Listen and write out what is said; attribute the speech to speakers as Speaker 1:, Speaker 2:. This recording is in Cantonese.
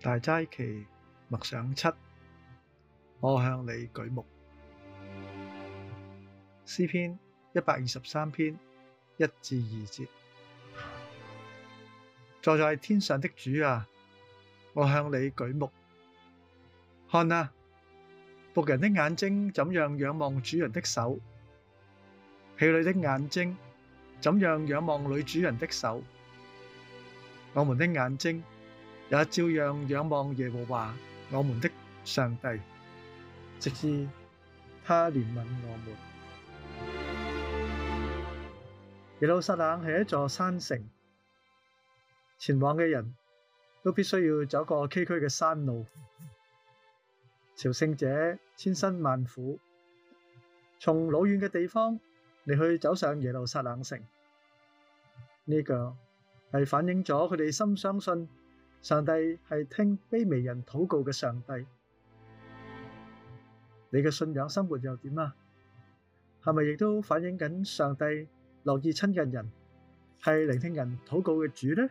Speaker 1: 大齋期默想七，我向你舉目。詩篇一百二十三篇一至二節：坐在天上的主啊，我向你舉目，看哪！僕人的眼睛怎樣仰望主人的手，婢女的眼睛怎樣仰望女主人的手，我們的眼睛。也照樣仰望耶和華，我們的上帝，直至他憐憫我們。耶路撒冷係一座山城，前往嘅人都必須要走過崎嶇嘅山路，朝聖者千辛萬苦從老遠嘅地方嚟去走上耶路撒冷城。呢個係反映咗佢哋深相信。上帝係聽卑微人禱告嘅上帝，你嘅信仰生活又點啊？係咪亦都反映緊上帝樂意親近人，係聆聽人禱告嘅主咧？